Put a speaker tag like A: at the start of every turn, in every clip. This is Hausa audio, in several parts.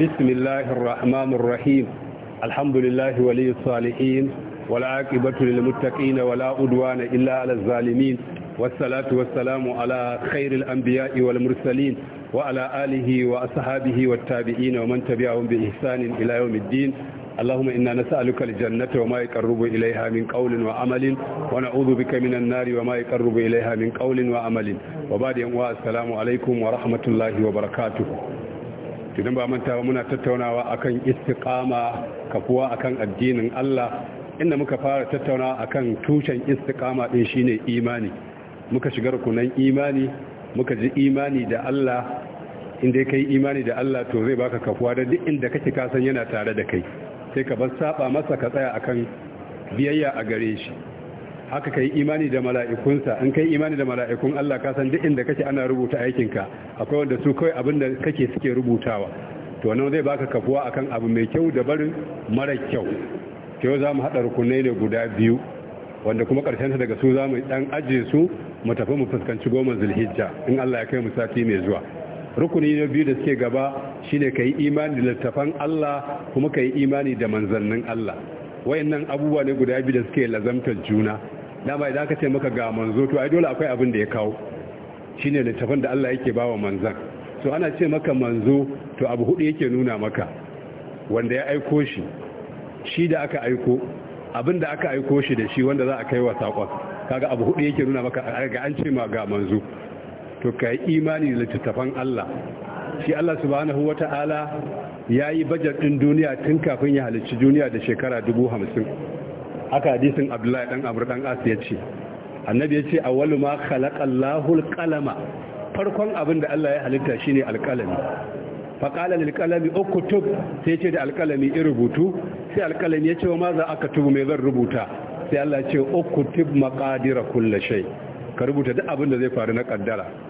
A: بسم الله الرحمن الرحيم الحمد لله ولي الصالحين والعاقبة للمتقين ولا أدوان إلا على الظالمين والصلاة والسلام على خير الأنبياء والمرسلين وعلى آله وأصحابه والتابعين ومن تبعهم بإحسان إلى يوم الدين اللهم إنا نسألك الجنة وما يقرب إليها من قول وعمل ونعوذ بك من النار وما يقرب إليها من قول وعمل وبعد يوم السلام عليكم ورحمة الله وبركاته idan ba manta ba muna tattaunawa akan istiqama kafuwa akan addinin Allah inda muka fara tattaunawa akan tushen istiqama din shine imani muka shiga rukunan imani muka ji imani da Allah inda kai imani da Allah to zai baka kafuwa da duk inda kake kasan yana tare da kai sai ka bar saba masa ka tsaya akan biyayya a gare shi haka kai imani da mala'ikunsa in kai imani da mala'ikun Allah ka san duk inda kake ana rubuta ka akwai wanda su kai abin da kake suke rubutawa to wannan zai baka kafuwa akan abu mai kyau da barin mara kyau kyau za mu haɗa rukunai ne guda biyu wanda kuma ƙarshen daga su zamu mu ɗan ajiye su mu tafi mu fuskanci goma zulhijja in Allah ya kai mu sati mai zuwa rukuni na biyu da suke gaba shine ka yi imani da littafan Allah kuma ka yi imani da manzannin Allah wayannan abubuwa ne guda biyu da suke lazamtar juna dama idan aka ce maka ga manzo to ai dole akwai abin da ya kawo shine littafan da Allah yake bawa manzan so ana ce maka manzo to abu hudu yake nuna maka wanda ya aiko shi shi da aka aiko abin da aka aiko shi da shi wanda za a kai wa sakon kaga abu hudu yake nuna maka ga an ce ma ga manzo to ka yi imani da littattafan Allah shi Allah subhanahu Ta'ala ya yi bajar ɗin duniya tun kafin ya halicci duniya da shekara dubu hamsin haka hadisin abdullahi ɗan abu ɗan as ya ce annabi ya ce a wani ma khalaqallahu alqalama farkon abin da Allah ya halitta shine alkalami faƙala alƙalami uktub sai ce da alƙalami in rubutu sai alƙalami ya ce wa ma za aka tubu mai zan rubuta sai Allah ya ce uktub maƙadira kulla shai ka rubuta duk abin da zai faru na kaddara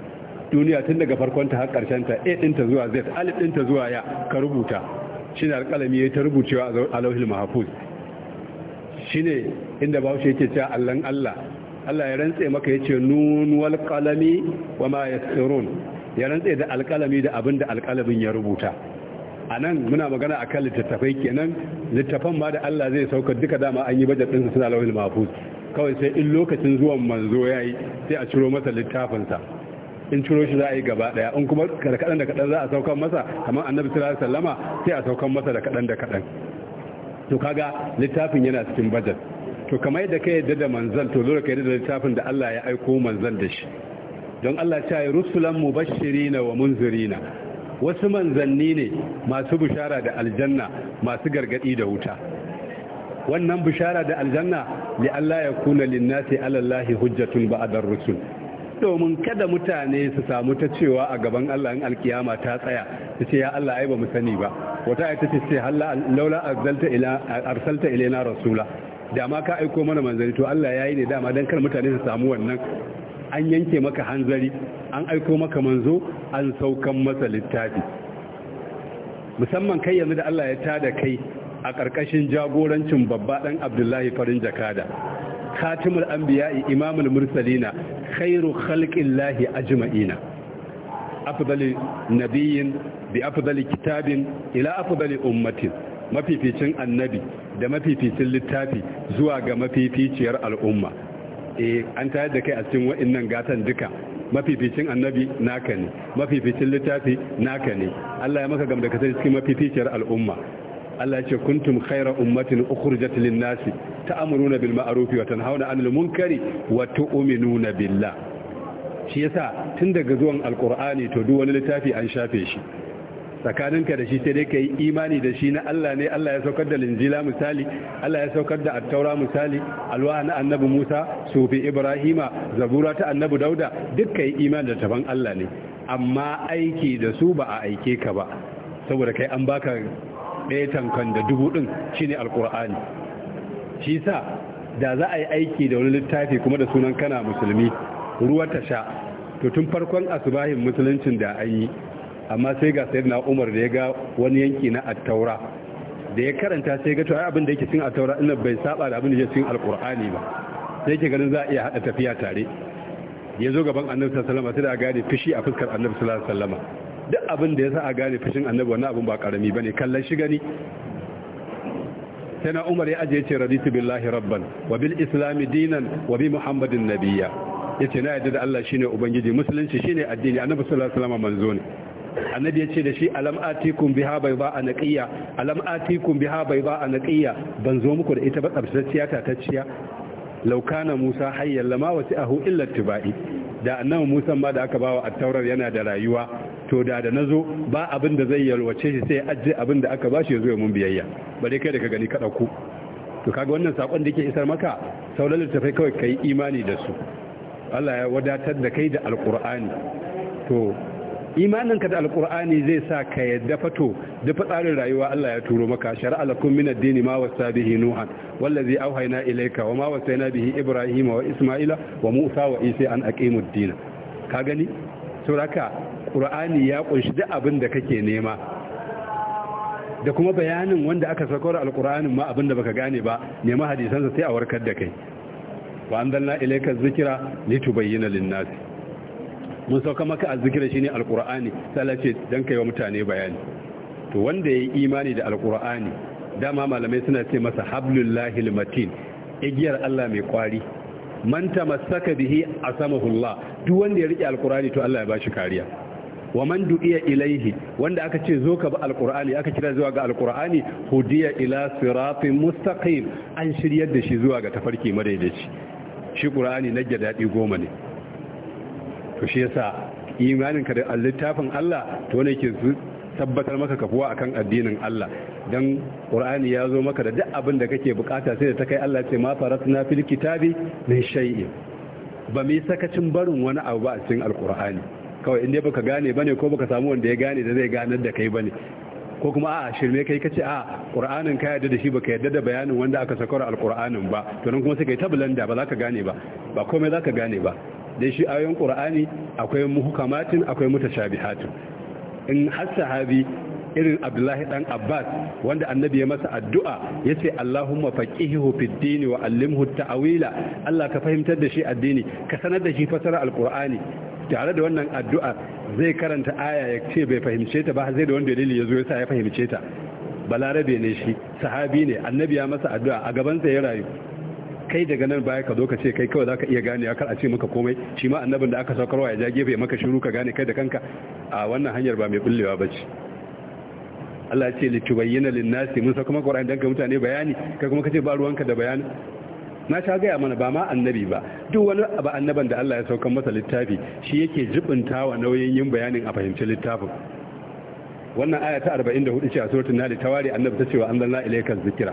A: duniya tun daga farkon ta har ta a ɗinta zuwa z alif ɗinta zuwa ya ka rubuta shi ne alƙalami ya ta rubucewa a alauhil mahfuz shi ne inda shi yake cewa allan allah allah ya rantse maka ya ce nun wal qalami wa ma yasirun ya rantse da alƙalami da abin da alƙalamin ya rubuta a nan muna magana a kan littattafai kenan littattafan ma da allah zai sauka duka dama an yi bajet su suna alauhil mahfuz kawai sai in lokacin zuwan manzo ya yi sai a ciro masa littafinsa in ciro shi za a yi gaba daya in kuma da kadan da kadan za a saukan masa kamar annabi sallallahu alaihi wasallama sai a saukan masa da kadan da kadan to kaga littafin yana cikin budget to kamar yadda ka yadda da manzan to dole da littafin da Allah ya aiko manzan da shi don Allah ya yi rusulan mubashirina wa munzirina wasu manzanni ne masu bishara da aljanna masu gargadi da wuta wannan bishara da aljanna li Allah ya kuna linnasi alallahi hujjatun ba'da rusul domin kada mutane su samu ta cewa a gaban Allah in alkiyama ta tsaya ta ce ya Allah ai ba mu sani ba wata ayata ce ce halla laula arzalta ila arsalta ilaina rasula da ma ka aiko mana manzari to Allah yayi ne dama dan kar mutane su samu wannan an yanke maka hanzari an aiko maka manzo an saukan masa littafi musamman kai yanzu da Allah ya tada kai a ƙarƙashin jagorancin babba ɗan abdullahi farin jakada katimul anbiya'i imamul mursalina khairu khalqillahi ajma'ina afdali nabiyyin bi afdali kitabin ila afdali ummatin mafificin annabi da mafificin littafi zuwa ga mafificiyar al'umma eh, an tayar da kai a cikin wa'annan gatan duka mafificin annabi naka ne mafificin littafi naka ne Allah ya maka gamda ka cikin mafificiyar al'umma Allah ce kuntum khaira ummatin ukhrijat lin-nasi ta'muruna bil ma'ruf wa tanhauna 'anil munkari wa tu'minuna billah shi yasa tun daga zuwan alqur'ani to duk wani littafi an shafe shi tsakaninka da shi sai dai ka imani da shi na Allah ne Allah ya saukar da linjila misali Allah ya saukar da attaura misali alwaha na annabi Musa sufi Ibrahima zabura ta annabi Dauda duk ka yi imani da taban Allah ne amma aiki da su ba a aike ka ba saboda kai an baka ɗaya tankan da dubu ɗin shi ne Alƙur'ani shi sa da za a yi aiki da wani littafi kuma da sunan kana musulmi ruwa ta sha to tun farkon asibahin musuluncin da an yi amma sai ga sayar na umar da ya ga wani yanki na attaura da ya karanta sai ga to ai abin da yake cikin attaura ina bai saba da abin da yake cikin Alƙur'ani ba sai yake ganin za a iya hada tafiya tare ya zo gaban annabi sallallahu alaihi wasallam sai da gane fishi a fuskar annabi sallallahu alaihi wasallam duk abin da ya sa a gane fushin annabi wannan abin ba karami ba ne kallon shi gani sai na umar ya ajiye ce raditu billahi rabban wa bil islami dinan wa bi muhammadin ya ce na yadda da Allah shine ubangiji musulunci shine addini annabi sallallahu alaihi wasallam manzo ne annabi ya ce da shi alam atikum biha a anaqiya alam atikum biha ban zo muku da ita ba tsabtacciya tatacciya laukana musa hayyan lama wasi ahu illa tibai da annabi musa ma da aka ba wa attaurar yana da rayuwa to da da nazo ba abin da zai yalwace shi sai ajiye abin da aka ba yazo ya mun biyayya bare kai daga gani ka dauko to kaga wannan sakon da yake isar maka sauran littafai kawai ka yi imani da su Allah ya wadatar da kai da alqur'ani to imaninka da alkur'ani zai sa ka yadda fato da fatsarin rayuwa Allah ya turo maka shar'a lakum min ad dini ma wasa bihi nuhan wallazi awhayna ilayka wa ma wasayna bihi ibrahim wa isma'ila wa musa wa isa an aqimud din ka gani saboda qur'ani ya kunshi duk abin da kake nema da kuma bayanin wanda aka sako da alkur'anin ma abin da baka gane ba nema hadisansa sai a warkar da kai wa anzalna ilayka adh-dhikra litubayyana lin-nasi mun sauka maka azzikira shine alqur'ani alkur'ani ce dan kai wa mutane bayani to wanda yayi imani da alqur'ani dama malamai suna ce masa hablullahi almatin igiyar Allah mai kwari man tamassaka bihi a hulla, duk wanda ya rike alqur'ani to Allah ya bashi kariya wa man du'iya ilaihi wanda aka ce zo ka bi alqur'ani aka kira zuwa ga alqur'ani hudiya ila siratin mustaqim an shiryar da shi zuwa ga tafarki madaidaici shi qur'ani na daɗi goma ne to shi yasa ka da littafin Allah to ne ke tabbatar maka kafuwa akan addinin Allah dan Qur'ani ya zo maka da duk abin da kake bukata sai da ta kai Allah ce ma faratna fil kitabi min shay'in ba mu sakacin barin wani abu ba a cikin alqur'ani kawai inda baka gane bane ko baka samu wanda ya gane da zai ganar da kai bane ko kuma a shirme kai kace a qur'anin ka yarda da shi baka yarda da bayanin wanda aka sakar alqur'anin ba to nan kuma sai kai ta blanda ba za ka gane ba ba komai za ka gane ba da shi ayoyin qur'ani akwai muhkamatin akwai mutashabihatin in har sahabi irin abdullahi dan abbas wanda annabi ya masa addu'a ya ce allahumma faqihihu fid dini wa allimhu ta'wila allah ka fahimtar da shi addini ka sanar da shi fasara alqur'ani tare da wannan addu'a zai karanta aya ya ce bai fahimce ta ba zai da wanda dalili yazo yasa ya fahimce ta balarabe ne shi sahabi ne annabi ya masa addu'a a gaban sa ya rayu kai daga nan baya ka zo ka ce kai kawai zaka iya gane kar a ce maka komai shi ma annabin da aka saukarwa ya ja gefe maka shiru ka gane kai da kanka a wannan hanyar ba mai bullewa ce. Allah ya ce lin linnasi mun sa maka Qur'ani dan ka mutane bayani kai kuma kace ba ruwanka da bayani na sha gaya mana ba ma annabi ba duk wani ba annaban da Allah ya sauka masa littafi shi yake jibinta wa nauyin yin bayanin a fahimci littafin wannan aya ta 44 ce a suratul nahl tawari annabi ta cewa anzalna ilaykal zikra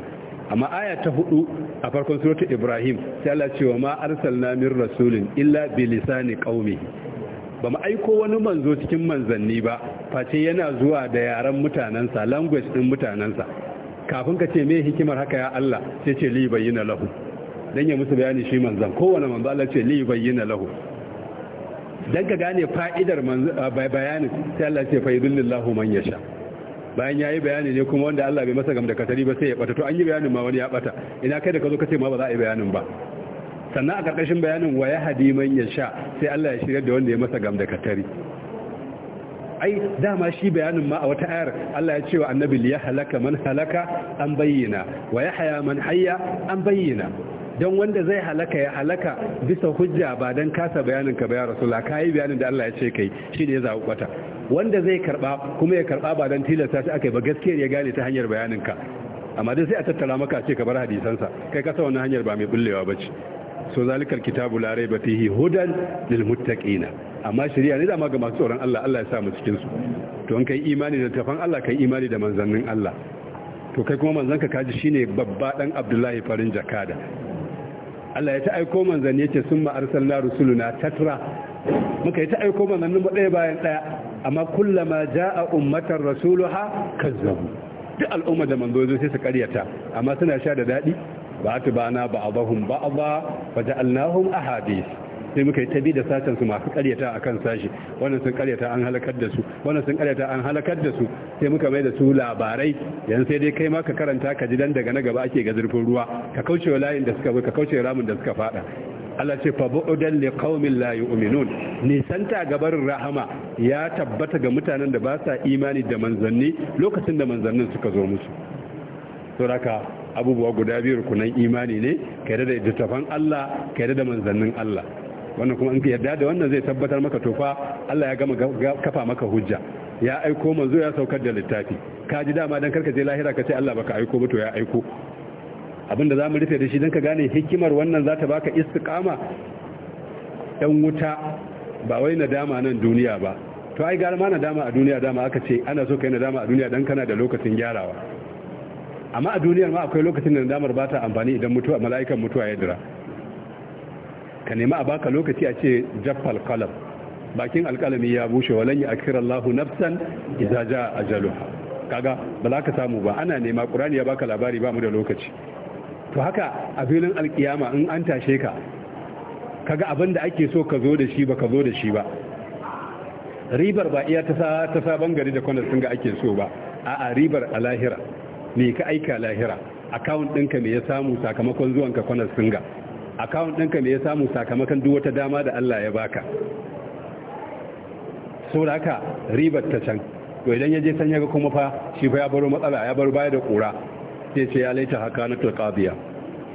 A: amma aya ta hudu a farkon surat ibrahim sai Allah cewa ma arsalna min rasulin illa bi lisani qaumihi ba mu aiko wani manzo cikin manzanni ba face yana zuwa da yaran mutanansa language din mutanansa kafin ka ce me hikimar haka ya Allah sai ce li bayyana lahu dan ya musu bayani shi manzan kowane manzo Allah ce li bayyana lahu dan ka gane fa'idar bayani sai Allah ce fa man yasha bayan ya yi bayani ne kuma wanda Allah bai masa gam da katari ba sai ya bata to an yi bayanin ma wani ya bata ina kai da ka zo ka ce ma ba za a yi bayanin ba sannan a karkashin bayanin wa ya hadi man ya sha sai Allah ya shirya da wanda ya masa gam da katari ai dama shi bayanin ma a wata ayar Allah ya ce wa annabi ya halaka man halaka an bayyana wa ya haya man hayya an bayyana don wanda zai halaka ya halaka bisa hujja ba don kasa bayanin ka ba ya ka yi bayanin da Allah ya ce kai ne ya zaɓi kwata wanda zai karba kuma ya karba ba dan tilasta shi akai ba gaskiyar ya gane ta hanyar ka amma dai sai a tattara maka ce ka bar hadisansa kai ka sa wannan hanyar ba mai bullewa ba ce so zalikal kitabu la ba tihi hudan lil muttaqina amma shari'a ne da ga masu tsoron Allah Allah ya sa mu cikin su to an kai imani da tafan Allah kai imani da manzannin Allah to kai kuma manzanka kaji shine babba dan Abdullahi farin jakada Allah ya ta aiko manzanni yace summa arsalna rusuluna tatra muka yi ta aiko manzannin mu daya bayan daya. amma kullama ja'a ummatar rasuluha kazzabu duk al'umma da manzo zo sai su ƙaryata. amma suna sha da dadi ba ta bana ba'dahum ba'dha faja'alnahum ahadith sai muka yi tabi da satan su masu karyata akan sashi wannan sun ƙaryata an halakar da su wannan sun ƙaryata an halakar da su sai muka mai da su labarai yan sai dai kai ma ka karanta ka ji dan daga na gaba ake ga zurfin ruwa ka kauce wa layin da suka bi ka kauce ramin da suka fada Allah ce fabu'udan li qaumin la yu'minun nisanta ga barin rahama ya tabbata ga mutanen da ba sa imani da manzanni lokacin da manzannin suka zo musu saboda abubuwa guda biyu kunan imani ne kai da da littafan Allah kai da manzannin Allah wannan kuma in yarda da wannan zai tabbatar maka to fa Allah ya gama kafa maka hujja ya aiko manzo ya saukar da littafi ka ji dama dan karka je lahira ka ce Allah baka aiko ba to ya aiko abinda za mu rufe da shi don ka gane hikimar wannan za ta baka kama yan wuta ba wai na dama nan duniya ba to ai gara ma dama a duniya dama aka ce ana so kai dama a duniya dan kana da lokacin gyarawa amma a duniyar ma akwai lokacin da damar ba ta amfani idan mutuwa mala'ikan mutuwa ya dira ka nemi a baka lokaci a ce jaffal kalab bakin alkalami ya bushe walayi a kira Allahu nafsan idza a jaluha kaga ba za ka samu ba ana nema qur'ani ya baka labari ba mu da lokaci to haka a filin alkiyama in an tashe ka kaga abin da ake so ka zo da shi ba ka zo da shi ba ribar ba iya ta sabon gari da kwanar sun ga ake so ba a a ribar a lahira ne ka aika lahira akawun ɗinka me ya samu sakamakon zuwanka kwanar sun ga akawun ɗinka me ya samu sakamakon duk wata dama da Allah ya baka sau da haka ribar ta can to idan ya je san ya ga kuma fa shi fa ya baro matsala ya baro baya da kura sai ce ya laita haka na tulkabiya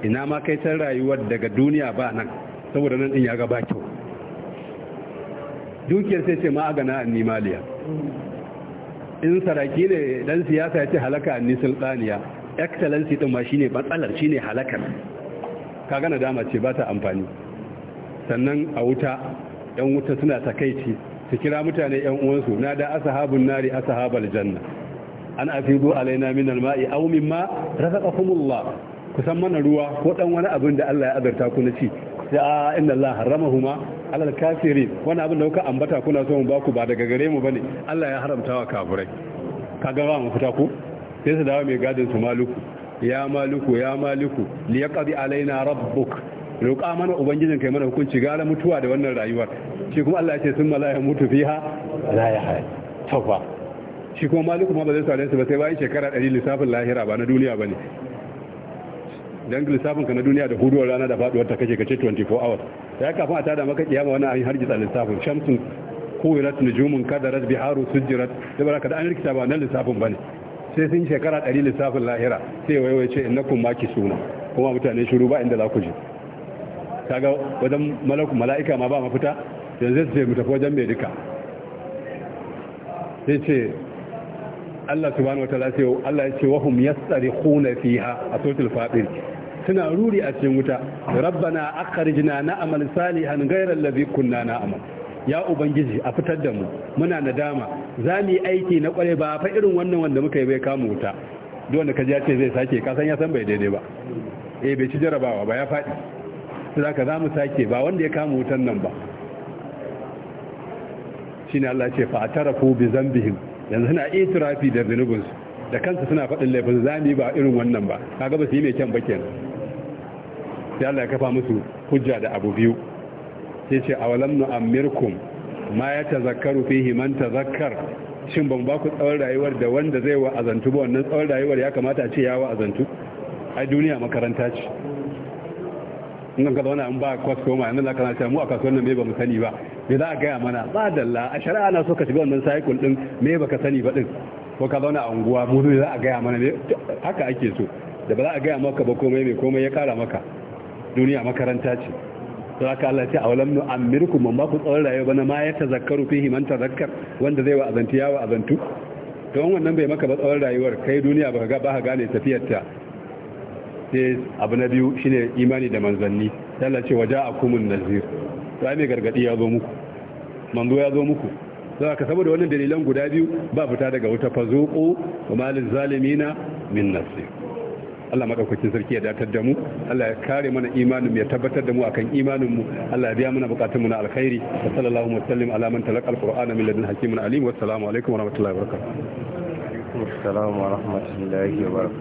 A: ina ma kai san rayuwar daga duniya ba nan saboda nan din ya ga kyau dukiyar sai ce ma a gana anni in saraki ne dan siyasa ya ce halaka ni sultaniya excellency din ma shine matsalar shine halaka ka gana dama ce ba ta amfani sannan a wuta yan wuta suna takaici su kira mutane yan uwansu na da asahabun nari ashabal janna an afidu alaina min alma'i aw mimma razaqakumullah kusan mana ruwa ko dan wani abin da Allah ya azarta ku na ci sai a inna Allah haramahuma ala alkafirin wani abin da kuka ambata kuna so mu baku ba daga gare mu bane Allah ya haramta wa kafirai kaga ba mu fita ku sai su dawo mai gadin su maluku ya maluku ya maluku liyaqdi alaina rabbuk roƙa mana ubangijin kai mana hukunci gara mutuwa da wannan rayuwar shi kuma Allah ya ce sun mala ya mutu fiha la ya hayy tawba shi kuma maliku ma ba zai sare su ba sai bayan shekara ɗari lissafin lahira ba na duniya ba ne don lissafin ka na duniya da huduwar rana da faduwar ta kake kace 24 hours sai kafin a tada maka kiyama ayin har hargitsa lissafin shamsun kuwirat nujumun kadarat biharu sujirat da baraka da an rikita ba nan lissafin ba ne sai sun shekara ɗari lissafin lahira sai waiwai ce innakum maki suna kuma mutane shiru ba inda za ku je kaga wajen malaku mala'ika ma ba mafita yanzu zai mu tafi wajen mai duka sai ce Allah subhanahu wataala sai Allah ya ce wa hum yasrikhuna fiha a suratul fatir suna ruri a cikin wuta rabbana akhrijna na'mal salihan ghayra alladhi kunna na'mal ya ubangiji a fitar da mu muna nadama za mu yi aiki na kware ba fa irin wannan wanda muka yi bai kama wuta duk wanda ka ji ce zai sake ka san ya san bai daidai ba eh bai ci jarabawa ba ya faɗi sai ka za mu sake ba wanda ya kama wutan nan ba shine Allah ya ce fa atarafu bi zambihim yanzu suna itirafi da zunubinsu da kansu suna faɗin laifin zami ba irin wannan ba kaga ba su yi mai kyan bakin sai Allah ya kafa musu hujja da abu biyu sai ce a walam nu amirkum ma ya fi fihi ta zakar shin ban ba ku tsawon rayuwar da wanda zai wa azantu ba wannan tsawon rayuwar ya kamata a ce ya wa azantu ai duniya makaranta ce in ka zauna an ba ma yanzu za ka mu a kasuwar nan me ba mu sani ba me za a gaya mana ba dalla a shari'a na so ka shiga wannan cycle din me ba ka sani ba din ko ka zauna a unguwa mu ne za a gaya mana ne haka ake so da ba za a gaya maka ba komai me komai ya kara maka duniya makaranta ce to haka Allah ce a walam nu amirku man ba ku tsawon rayuwa bana ma ya tazakkaru fihi man tazakkar wanda zai wa azanti wa azantu to wannan bai maka ba tsawon rayuwar kai duniya ba ga ba gane tafiyarta sai abu na biyu shine imani da manzanni yalla ce waja akumun nazir to ai mai gargadi ya zo muku manzo ya zo muku saboda saboda wannan dalilan guda biyu ba fita daga wuta fazuqu wa malin zalimina min nasir Allah madaukakin sarki ya datar da mu Allah ya kare mana imanin ya tabbatar da mu akan imanin mu Allah ya biya mana bukatun mu na alkhairi sallallahu alaihi wa ala man talaqa alquran min ladun hakimin alim wa assalamu alaikum wa rahmatullahi wa barakatuh assalamu wa rahmatullahi wa barakatuh